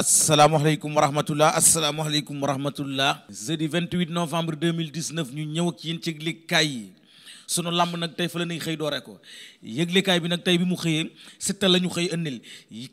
asalaamaaleykum wa rahmatulah asalaamaaleykum wa rahmatulah. jeudi 28 novembre 2019 ñu ñëw ak yéen ci yëglikaay yi. sunu lamb nag tey fa la ñuy xëy doore ko yëglekaay bi nag tey bi mu xëyee Siteu la ñu xëy ëndil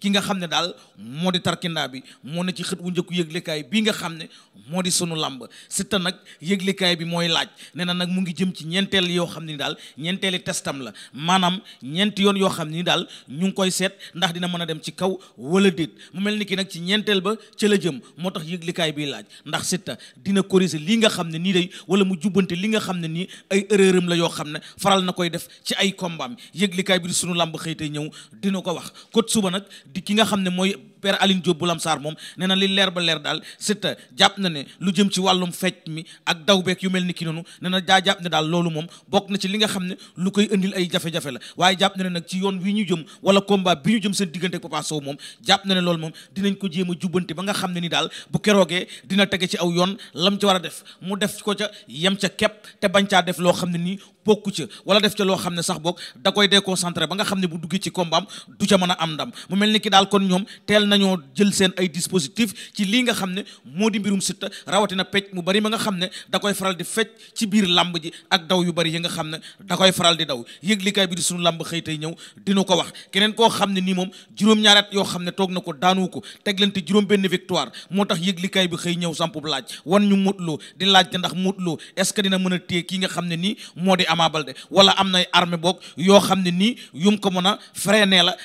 ki nga xam ne daal moo di tarkindaa bi moo ne ci xët wu njëkku yëglekaay bii nga xam ne moo di sunu lamb Siteu nag yëglekaay bi mooy laaj nee na nag mu ngi jëm ci ñeenteel yoo xam ne daal ñeenteeli testam la maanaam ñeenti yoon yoo xam ni daal ñu ngi koy seet ndax dina mën a dem ci kaw wala déet mu mel ni kii nag ci ñeenteel ba ca la jëm moo tax yëglekaay bi laaj ndax Siteu dina corriger li nga xam ne nii day wala mu jubbante li nga xam ne nii ay erreuram la yoo xam xam ne faral na koy def ci ay combam yëglikaay bi di sunu làmb xëy tey ñëw dina ko wax kot suba nag di ki nga xam ne mooy père Aline Diop bu Lamsaar moom nee na li leer ba leer daal Siteu jàpp na ne lu jëm ci wàllum fecc mi ak daw yu mel ni ki noonu nee na daa jàpp ne daal loolu moom bokk na ci li nga xam ne lu koy indil ay jafe-jafe la waaye jàpp na ne nag ci yoon wi ñu jëm wala combat bi ñu jëm seen diggante ak Papa Sow moom jàpp na ne loolu moom dinañ ko jéem a jubbanti ba nga xam ne ni daal bu keroogee dina tege ci aw yoon lam ci war a def mu def ko ca yem ca kepp te bañ caa def loo xam ne nii bokku ca wala def ca loo xam ne sax boog da koy déconcentré ba nga xam ne bu duggee ci combat am ca mën a ndam nañoo jël seen ay dispositif ci lii nga xam ne moo di mbirum Siteu rawatina pecc mu bari ma nga xam ne da koy faral di fecc ci biir làmb ji ak daw yu bari yi nga xam ne da koy faral di daw yëglikaay bi di sunu làmb xëy tey ñëw dina ko wax keneen koo xam ne nii moom juróom-ñaari yoo xam ne toog na ko daanu ko teglante juróom benn victoire moo tax yëglikaay bi xëy ñëw sampub laaj wan ñu Modou Lo di laajte ndax Modou Lo est-ce que dina mën a téye kii nga xam ne nii moo di Ama Baldé wala am nay armée boog yoo xam ne nii yum ko mën a freiné la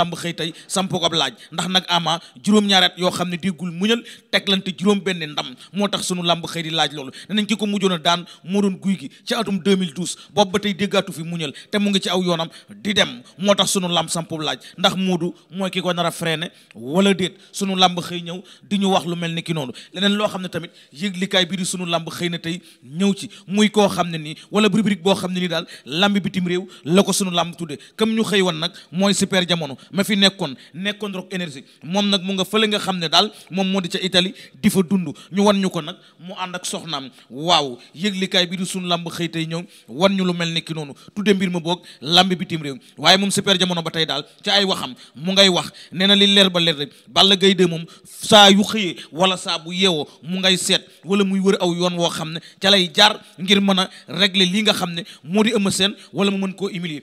làmb xëy tey samp ko ab laaj ndax nag ama juróom-ñaari yoo xam ne déggul muñal teglante juróom benn ndam moo tax sunu làmb xëy di laaj loolu danañ ki ko mujjoon a daan moo doon guy gi ci atum 2012 boobu ba tey déggaatu fi muñal te mu ngi ci aw yoonam di dem moo tax sunu làmb samp laaj ndax du mooy ki ko nar a freiné wala déet sunu làmb xëy ñëw di ñu wax lu mel ni ki noonu leneen loo xam ne tamit yëglikaay bi di sunu làmb xëy na tey ñëw ci muy koo xam ne nii wala rubrique boo xam ne nii daal làmb bitim réew la ko sunu làmb tudde comme ñu xëy woon nag mooy super jamono fi nekkoon nekkoon Rock Énergie moom nag mu nga fële nga xam ne daal moom moo di ca Italie di fa dund ñu wan ñu ko nag mu ànd ak soxnaam waaw yëglikaay bi di suñu lamb xëy tey ñëw wan ñu lu mel ni ki noonu tudde mbir ma boog lamb bitim réew waaye moom super jamono ba tey daal ca ay waxam mu ngay wax nee na li leer ba leer rek Balla Gaye de moom saa yu xëyee wala saa bu yeewoo mu ngay seet wala muy wër aw yoon woo xam ne ca lay jaar ngir mën a régler li nga xam ne moo di Eumeu Sène wala mu mën koo humilier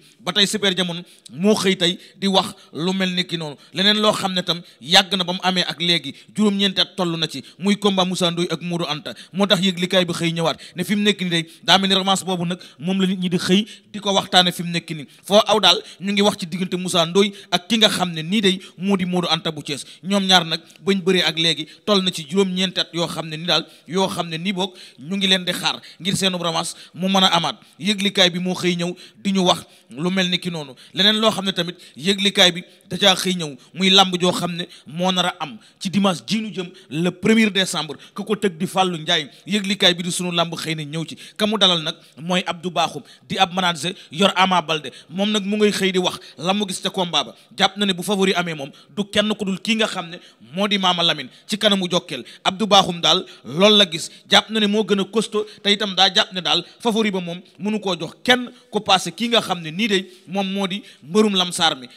lu mel ni ki noonu leneen loo xam ne tam yàgg na ba mu amee ak léegi juróom-ñeenti at toll na ci muy combat Moussa Ndoye ak Modou Anta moo tax yëglikaay bi xëy ñëwaat ne fi mu nekk ni daa mel ni romance boobu nag moom la nit ñi di xëy di ko waxtaane fi mu nekk ni foo aw daal ñu ngi wax ci diggante Moussa ak ki nga xam ne nii day moo di Modou Anta bu Thiès ñoom ñaar nag bañ bëree léegi toll na ci juróom-ñeenti yoo xam ne ni daal yoo xam ne ni boog ñu ngi leen di xaar ngir seenu romance mu mën a amaat yëglikaay bi moo xëy ñëw di ñu wax lu mel ni ki noonu leneen loo xam ne tamit yëglikaay bi da caa xëy ñëw muy lamb joo xam ne moo nar a am ci dimanche ji nu jëm le premier décembre ku ko teg di Fallou njaay yëglikaay bi di sunu lamb xëy na ñëw ci ka mu dalal nag mooy Abdou Bakhoum di ab manager yor Ama Baldé moom nag mu ngay xëy di wax la gis ca combat jàpp na ne bu favori amee moom du kenn ku dul kii nga xam ne moo di Maama Lamine ci kanamu jokkeel Abdou baaxum daal loolu la gis jàpp na ne moo gën a costaud te itam daa jàpp ne daal favori ba moom mënu koo jox kenn ko passé kii nga xam ne nii de moom moo di mbërum lamsaar mi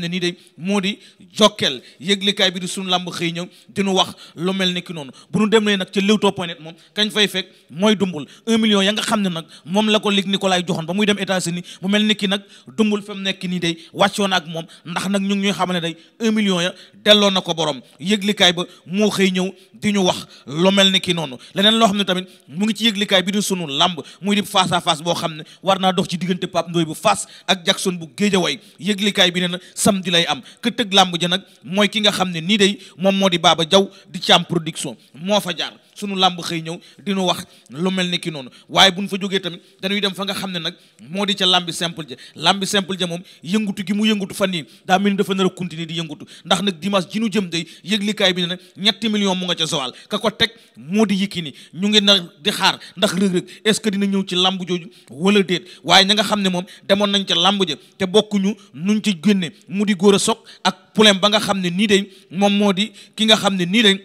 xam ne nii de moo di jokkeel yëglikaay bi di suñu làmb xëy ñëw diñu wax lu mel ni ki noonu bu ñu demee nag ci Leewtoo point net moom kañ fay fekk mooy dumbul million ya nga xam ne nag moom la ko lig Nicolas joxoon ba muy dem États-Unis mu mel ni ki nag dumbul fa mu nekk nii day wàccoon ak moom ndax nag ñu ngi ñuy xamal ne day un million ya na ko borom yëglikaay ba moo xëy ñëw di ñu wax lu mel ni ki noonu leneen loo xam ne tamit mu ngi ci yëglikaay bi di sunu làmb muy di face à boo xam ne war naa dox ci diggante Pape Ndoye bu Fass ak Jackson bu Guédiawaye yëglikaay bi ne na di lay am ke tëgg làmb ja nag mooy ki nga xam ne nii day moom moo di baaba Jaw di Thiam production moo fa jaar sunu làmb xëy ñëw dinu wax lu mel ni ki noonu waaye bu buñ fa jógee tamit dañuy dem fa nga xam ne nag moo di ca làmbi simple ja làmbi simple ja moom yëngutu gi mu yëngutu fan yii daa mel ni dafa nar a di yëngutu ndax nag dimanche ji nu jëm day yëglikaay bi nag ñetti million mu nga ca sowal ka ko teg moo di Yékini ñu ngi na di xaar ndax rëg ce que dina ñëw ci làmb jooju wala déet waaye ña nga xam ne moom demoon nañ ca làmb ja te bokkuñu nuñ ci génne mu di góor a soog ak problème ba nga xam ne nii day moom moo di ki nga xam ne nii day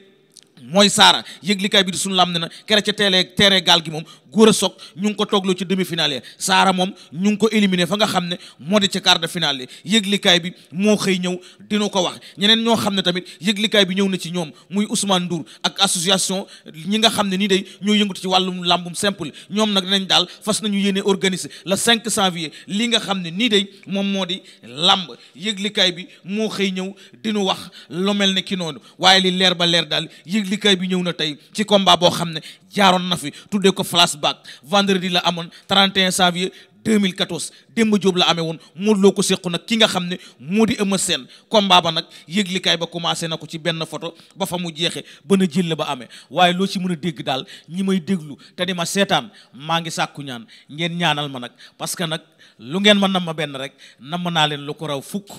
mooy saara yëglikaay bi di su lam ne na kere ca teelee teeree gaal gi moom góor a soog ñu ngi ko toogloo ci demi finale ya saara moom ñu ngi ko éliminé fa nga xam ne moo di ca quart de finale yi yëglikaay bi moo xëy ñëw dina ko wax ñeneen ñoo xam ne tamit yëglikaay bi ñëw na ci ñoom muy Ousmane Ndour ak association ñi nga xam ne nii day ñoo yëngatu ci wàllum làmbum simple ñoom nag dinañ daal fas nañu yéene organiser le 5 janvier li nga xam ne nii day moom moo di làmb yëglikaay bi moo xëy ñëw dinu wax lu mel ne ki noonu waaye li leer ba leer daal yëglikaay bi ñëw na tey ci combat boo xam ne jaaroon na fi tuddee ko flashback vendredi la amoon 31 janvier 2014 Demba Diop la amee woon Modou loo ko sequ nag ki nga xam ne moo di Eumeu seen combat ba nag yëglikaay ba commencé na ko ci benn photo ba fa mu jeexe ba na jël ba amee waaye loo ci mën a dégg daal ñi may déglu te di ma seetaan maa ngi sàkku ñaan ngeen ñaanal ma nag parce que nag lu ngeen ma nam ma benn rek nam naa leen lu ko raw fukk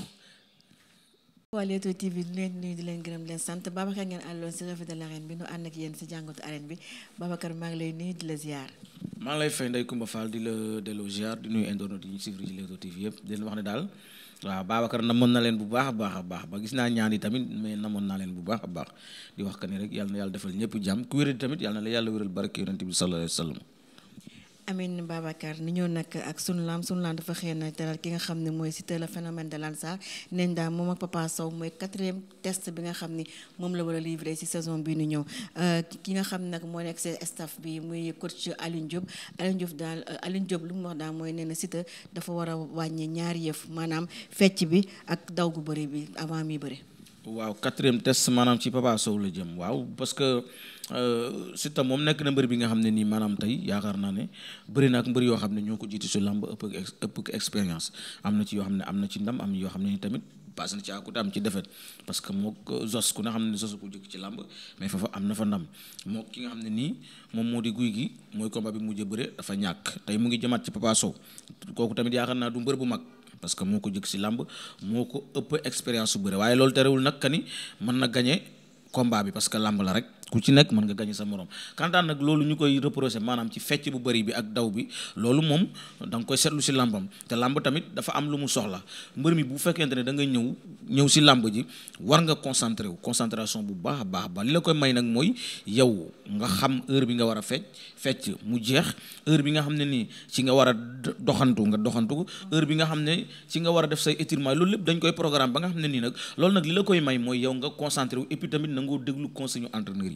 waa Leewtoo TV di leen nuyu di leen gërëm leen sant Babacar ngeen àlloon si revue de l'arène bi nu ànd ak yéen si jàngatu arène bi Babacar maa ngi lay nuyu di la ziar. maa ngi lay fay Ndeye Coumba Fall di la delloo ziar di nuyu internet yi ñu suivre ci Leewtoo TV yëpp leen wax ne daal waaw Babacar namoon na leen bu baax a baax a baax ba gis naa ñaan yi tamit mais namoon naa leen bu baax a baax di wax que ni rek yàlla na yàlla defal ñëpp jàmm ku wéral tamit yàlla na la yàlla wéral Amin Babacar ni ñëw nag ak sunu laam sunu laam dafa xëy na dalal ki nga xam ne mooy Siteu le phénomène de Lansar nee daal moom ak Papa Sow mooy quatrième test bi nga xam ni moom la war a livré si saison bi nu ñëw euh, ki nga xam nag mooy nekk seen staf bi muy coach Alioune Diop Alioune Diop daal euh, Alioune Diop lu mu wax daal mooy nee na Siteu dafa war a wàññi ñaari yëf maanaam fecc bi ak daw gu bëri bi avant mi bëri. waaw quatrième test maanaam ci Papa Sow la jëm waaw parce que euh, Siteu moom nekk na mbër bi nga xam ne nii maanaam tey yaakaar naa ne bëri na ak mbër yoo xam ne ñoo ko jiitu si làmb ëpp ëpp expérience am na ci yoo xam ne am na ci ndam am yoo xam ne ni tamit pass na ci àkute am ci defet parce que moo euh, zos ku na xam ne zosu ko jëkk ci làmb mais foofa am na fa ndam moo ki nga xam ne nii moom moo di guy gi mooy combat bi mujj a bëre dafa ñàkk tey mu ngi jëmaat ci Papa Sow kooku tamit yaakaar naa du mbër bu mag parce que moo ko jëkk si làmb moo ko ëpp expérience su bëre waaye loolu terewul nag ni mën na gagné combat bi parce que làmb la rek ku ci nekk mën nga gañe sa morom kantaan nag loolu ñu koy reproché maanaam ci fecc bu bëri bi ak daw bi loolu moom da nga koy seetlu si làmbam te làmb tamit dafa am lu mu soxla mbër mi bu fekkente ne da nga ñëw ñëw si làmb ji war nga concentré wu concentration bu baax a baax ba li la koy may nag mooy yow nga xam heure bi nga war a fecc fecc mu jeex heure bi nga ne nii ci nga war a doxantu nga doxantu heure ne ci nga war xam ne nii nag loolu nag li la mooy yow nga concentré wu et puis tamit nangoo déglu conseil ñu entraîneur yi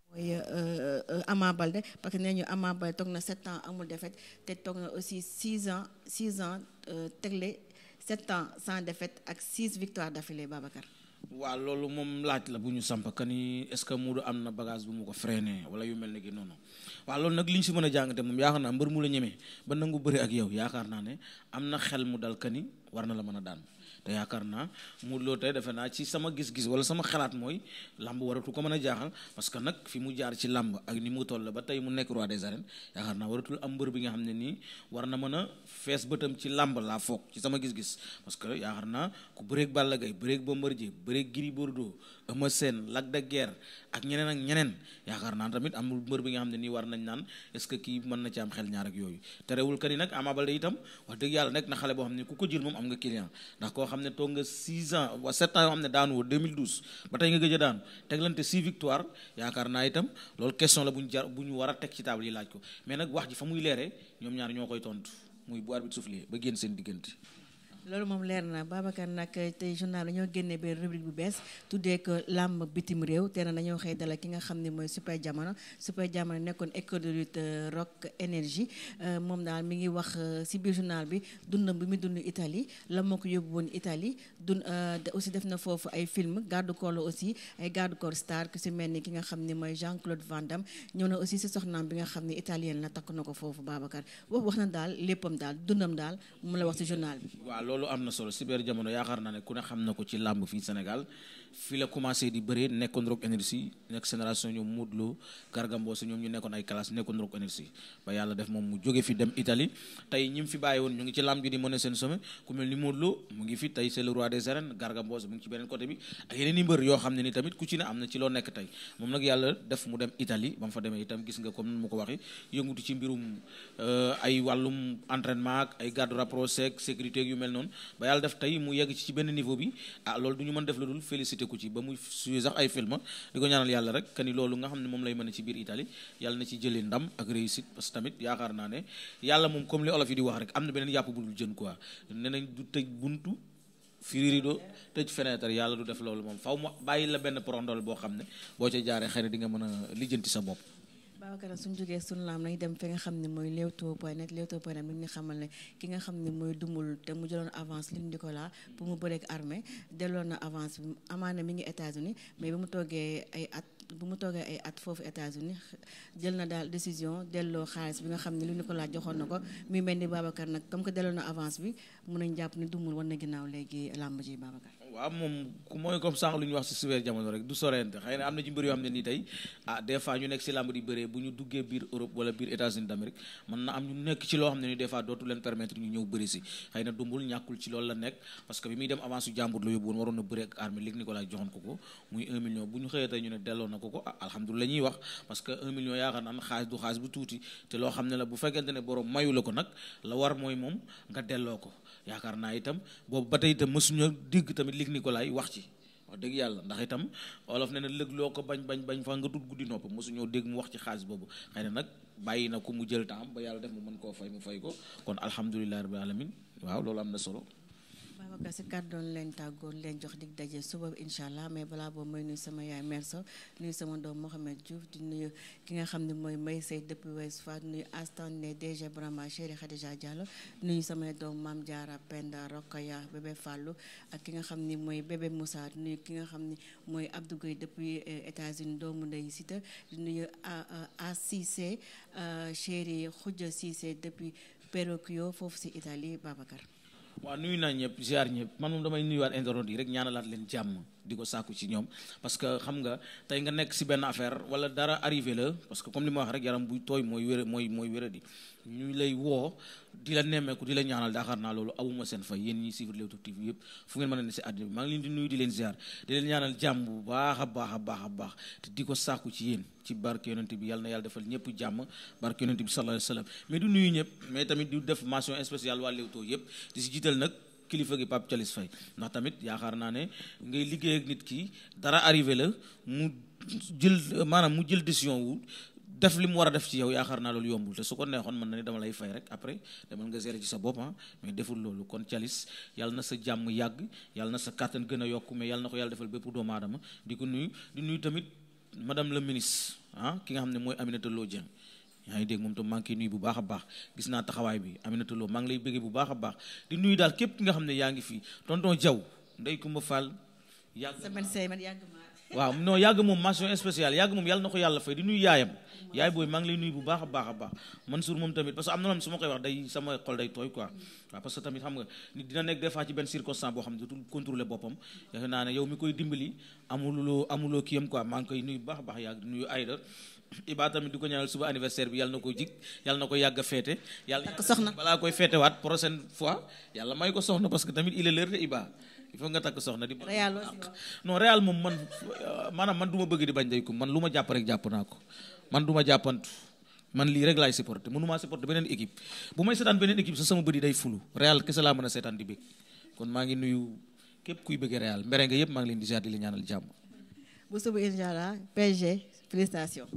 mooy euh, euh, Ama Baldé parce que nee ñu Ama Baldé toog na sept ans amul défaite te toog na aussi six ans six ans euh, tegle sept ans sans defet ak six victoires d'affilée Babacar. waaw loolu moom laaj la bu ñu samp que ni est-ce que Modou am na bagage bu mu ko freiné wala yu mel ni ki noonu waaw loolu nag li ñu si mën a jàngate moom yaakaar naa mbër mu la ñemee ba nangu bëri ak yow yaakaar naa ne am na xel mu dal que ni war na la mën a daan. te yaakaar naa mu loo tey defe naa ci sama gis-gis wala sama xalaat mooy làmb waratu ko mën a jaaxal parce que nag fi mu jaar ci làmb ak ni mu toll ba tey mu nekk roi des arènes yaakaar naa waratul am mbër bi nga xam ne nii war na mën a fees bëtam ci làmb laa foog ci sama gis-gis parce que yaakaar naa ku bëreeg Balla Gaye bëreeg Bombardier bëreeg Gris Bordeaux Eumeu seen Lac de Guiers ak ñeneen ak ñeneen yaakaar naa tamit amul mbër bi nga xam ne nii war nañ naan est-ce que kii mën na ci am xel ñaar ak yooyu terewul que ni nag Ama Baldé itam wax dëgg yàlla nekk na xale boo xam ne ku ko jël moom am nga client ndax koo xam ne toog nga 6 ans wa yoo xam ne daanuwoo 2012 ba tey nga gëj a daan teglante 6 victoire yaakaar naa itam loolu question la bu ñu jar bu ñu war a teg ci table yi laaj ko mais nag wax ji fa muy leeree ñaar ñoo koy tontu muy bu arbitre soufflé seen diggante loolu moom leer na Babacar nag tey journal dañoo génne benn rubrique bu bees tuddee ko làmb bitim réew te na dañoo xëy dala ki nga xam ne mooy super jamono super jamono nekkoon école de lutte euh, rock énergie euh, moom daal mi ngi wax si euh, biir journal bi dundam bi mu dund Italie la moo ko yóbbu woon Italie dund aussi def na foofu ay film garde la aussi ay garde corps star si mel ni ki nga xam ne mooy Jean Claude Van Damme ñëw na aussi si soxnaam bi nga xam ne italien la takk na ko foofu Babacar wax wax na daal léppam daal dundam daal mu la wax si journal bi. loolu am na solo Super Jamono yaakaar naa ne ku ne xam na ko ci làmb fii Sénégal fi la di bëree nekkoon Rock Énergie nekk génération ñoom Modou Lo Garga Mbossé nekkoon ay classe nekkoon Rock Énergie ba yàlla def moom mu jóge fi dem Italie tey ñi fi bàyyi woon ñu ngi ci làmb ji di mën seen sommet ku mel ni Modou Lo mu ngi fi tey c'est le roi des arènes Garga Mbossé mu ngi ci beneen côté bi ak yeneen i mbër yoo xam ne ni tamit ku ci ne am na ci loo nekk tey moom nag yàlla def mu dem Italie ba mu fa mu noonu ba yàlla def tey mu yegg ci benn niveau bi ah loolu du ñu mën def la dul félicité ku ci ba mu suy sax ay film di ko ñaanal yàlla rek que ni loolu nga xam ne moom lay mën a ci biir Italie yàlla na ci jëlee ndam ak réussite parce tamit yaakaar naa ne yàlla moom comme li olof yi di wax rek am na beneen yàpp bu dul jën quoi nee nañ du tëj buntu firi rido tëj fenêtre yàlla du def loolu moom faw mu bàyyi la benn porondol boo xam ne boo ca jaaree xëy na di nga mën a lijjanti sa bopp Babacar suñ jógee suñu laam nañ dem fi nga xam ne mooy Leewtoo point net Leewtoo point net mi ngi xamal ne ki nga xam ne mooy dumul te mu jëloon avance Luc Nicolas pour mu bëreek armée delloon na avance bi mi ngi États-Unis mais mu toogee ay at bu mu toogee ay at foofu États-Unis jël na daal décision delloo xaalis bi nga xam ne Luc Nicolas joxoon na ko muy mel ni Babacar nag comme que delloon na avance bi mun nañ jàpp ni dumul war na ginnaaw léegi làmb ji Babacar waaw moom mooy comme sànq lu ñu wax si suweer jamono rek du sorente xëy na am na ci mbër yoo xam ne nii tey ah des fois ñu nekk si làmb di bëree bu ñu duggee biir Europe wala biir États-Unis d'Amérique mën na am ñu nekk ci loo xam ne nii des fois dootu leen permettre ñu ñëw bëri si xëy na dumbul ñàkkul ci loolu la nekk parce que bi muy dem avance yu jàmbur la yóbbu woon waroon na bëri ak armée Luc Nicolaï joxoon ko ko muy 1 million bu ñu xëyee tey ñu na ko ko ah alhamdulilah ñuy que 1 million yaakaar naan xaalis du loo xam ne la bu fekkente ne borom mayu la ko nag la war mooy moom nga delloo ko yaakaar naa itam boobu ba tey itam mësuñu dégg tamit Luc Nicolaï wax ci wax dëgg yàlla ndax itam olof ne na lëg loo ko bañ bañ bañ fa nga tut guddi nopp mësuñoo dégg mu wax ci xaalis boobu xay ne nag bàyyi na ko mu jël temps ba yàlla def mu mën koo fay mu fay ko kon alhamdulilahi rabbil alamin waaw loolu am na solo Babacar si doon leen tàggoon leen jox dig daje suba incha allah mais balaa boobu may nuyu sama yaay Merso nuyu sama doom Mohamed Diouf di nuyu ki nga xam ne mooy May Sey depuis Ouest Foire nuyu Astan ne DG Brahma Chéri Khadija Diallo nuyu doom Mame Diarra Penda ak ki nga xam ni mooy bébé Moussa nuyu ki nga xam ni mooy Abdou Gueye depuis euh, États-Unis doomu ndey Sita di nuyu euh, A Cissé euh, Chéri Khoudia Cissé depuis Perocchio foofu si Italie Babacar. waaw nuyu naa ñëpp ziar ñëpp man moom damay nuyuwaat internet yi rek ñaanalaat leen jàmm di ko sàkku ci ñoom parce que xam nga tey nga nekk si benn affaire wala dara arriver la parce que comme li ma wax rek yaram buy tooy mooy wér mooy mooy wéradi ñu lay woo di la nemmeeku di la ñaanal daakaar naa loolu awuma seen fay yéen ñi suivre Leewtoo TV yëpp fu ngeen mën a ne si àddina bi maa ngi leen di nuyu di leen ziar di leen ñaanal jàmm bu baax a baax a baax a baax te di ko sàkku ci yéen ci barke yonente bi yàlla na yàlla defal ñëpp jàmm barke yonente bi sallallahu alayhi mais tamit du def mention spéciale waa Leewtoo yëpp si jiital nag kilifa gi Pape Thialis Faye ndax tamit yaakaar naa ne ngay liggéey ak nit kii dara arrivé la mu jël maanaam mu jël décision wu def li mu war a def ci yow yaakaar naa loolu yombul te su ko neexoon mën na ne dama lay fay rek après demal nga gérer ci sa bopp ah mais deful loolu kon Thialis yàlla na sa jàmm yàgg yàlla na sa kàttan gën a yokk mais yàlla na ko yàlla defal bépp doomu aadama di ko nuyu di nuyu tamit madame la ministre ah ki nga xam ne mooy Aminata Lô Dieng yaa ngi dégg moom tam maa koy nuyu bu baax a baax gis naa taxawaay bi Aminata Lo maa ngi lay bëggee bu baax a baax di nuyu daal képp ki nga xam ne yaa ngi fii tonton Diaw ndey Kumba Fall yàgg waaw non yàgg moom mention spéciale yàgg moom yàlla na ko yàlla fay di nuyu yaay booy maa ngi lay nuyu bu baax a baax a baax Mansour moom tamit parce que am na loolu su ma koy wax day sama xol day tooy quoi waaw parce que tamit xam nga nit dina nekk des fois ci benn circonstance boo xam ne dootul contrôler boppam yaakaar naa ne yow mi koy dimbali amuloo amuloo kiyam quoi maa ngi koy nuyu bu baax yàgg di nuyu Aïda Iba tamit di ko ñaanal suba anniversaire bi yàlla na ko jig yàlla ko yàgg a féete. yàlla takk soxna balaa koy féetewaat prochaine fois yàlla may ko soxna parce tamit il est de Iba il faut nga takk soxna di. moom man euh, maanaam ma bëgg di bañ jàpp rek jàpp naa ko man du ma jàppantu man lii rek laay supporté mënumaa supporté beneen équipe bu may seetaan beneen équipe sa sama bëri day fulu Réal kese laa mën a seetaan di kuy bëgg Réal mbere yëpp maa ngi leen di ziar di la ñaanal jàmm. félicitations